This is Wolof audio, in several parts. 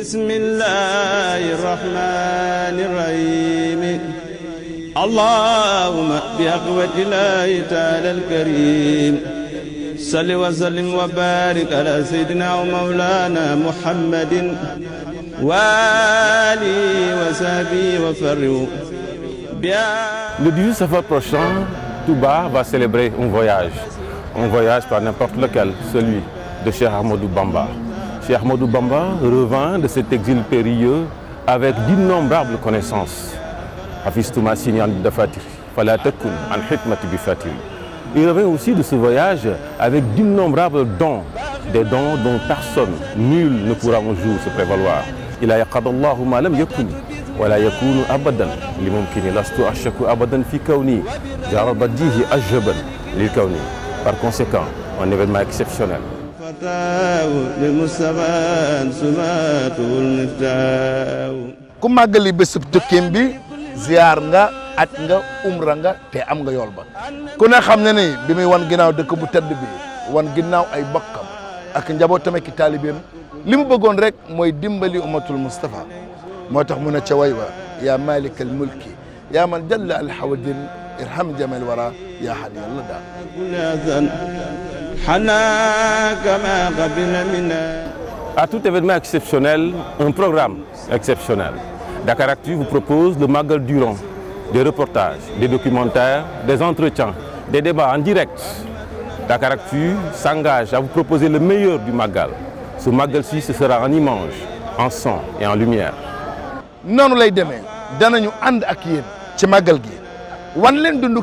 بسم الله الرحمن الرحيم اللهم بأقوى الله تعالى الكريم صل وسلم وبارك على سيدنا ومولانا محمد والي وسابي وفرو Le 18 septembre prochain, Touba va célébrer un voyage. Un voyage par n'importe lequel, celui de Cheikh Amadou Bamba. Cheikh Ahmadou Bamba revint de cet exil périlleux avec d'innombrables connaissances. Il revint aussi de ce voyage avec d'innombrables dons, des dons dont personne, nul ne pourra un jour se prévaloir. Il a ma lam wa la fi Par conséquent, un événement exceptionnel فتاw bi Mustafa sumatul miftaaw bi ziar nga at nga umra nga te am nga yool ba ku ne xam ne ni bi muy wan ginnaaw dëkk bu tedd bi wan ginnaaw ay bokkam ak njabootam ak taalibeem li mu bëggoon rek mooy dimbali ummatul Mustafa moo tax mu ne ca way wa yaa malik al mulki yaa man jalla al hawadin irham jamal wara yaa hadi yàlla daal À tout événement exceptionnel, un programme exceptionnel. Dakaractu vous propose le Magal Durand, des reportages, des documentaires, des entretiens, des débats en direct. Dakaractu s'engage à vous proposer le meilleur du Magal. Ce Magal-ci, ce sera en image, en son et en lumière. Nous allons demain, nous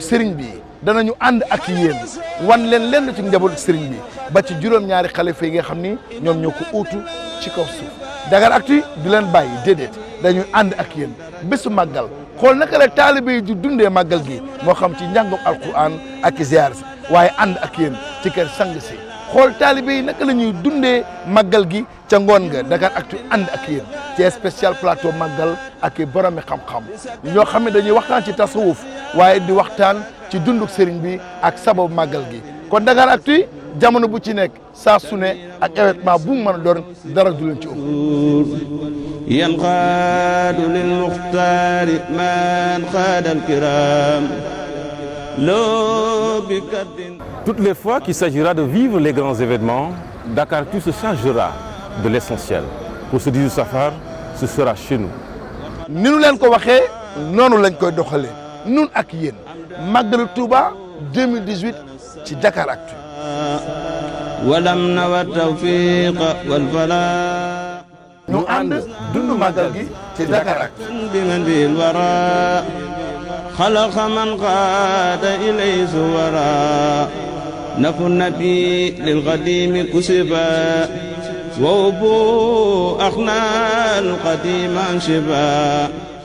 dana ñu ànd ak yéen wan leen lenn ci njaboot sëriñ bi ba ci juróom-ñaari xalifa yi nga xam ni ñoom ñoo ko uutu ci kaw suuf Dakaractu du leen bàyyi déedéet dañuy ànd ak yéen bésu màggal xool naka la taalibe yi di dundee màggal gi moo xam ci njàngum alquran ak ziar si waaye ànd ak yéen ci kër sang si xool taalibe yi naka la ñuy dundee màggal gi ca ngoon nga Dakaractu ak yéen ci spécial plateau màggal ak boromi xam-xam ñoo xam ne dañuy waxtaan ci tasawuf waaye di waxtaan ci dunduk serigne bi ak sabab magal gi kon Dakaractu jamono bu ci nek sa suné ak événement bu mu doon dara du len ci ëpp yanqaadu lil muxtaari man qaada al kiram Toutes les fois qu'il s'agira de vivre les grands événements, tu se changera de l'essentiel. Pour ce 18 Safar, ce sera chez nous. Nous l'avons koy nous l'avons ak nous Magal Touba 2018 ci Dakar Actu walam nawa tawfiq wal fala ñu ànd dundu magal gi ci Dakar Actu bi man bi wara خلق من قاد إليه زورا نفو النبي للقديم كسبا وابو أخنا القديم انشبا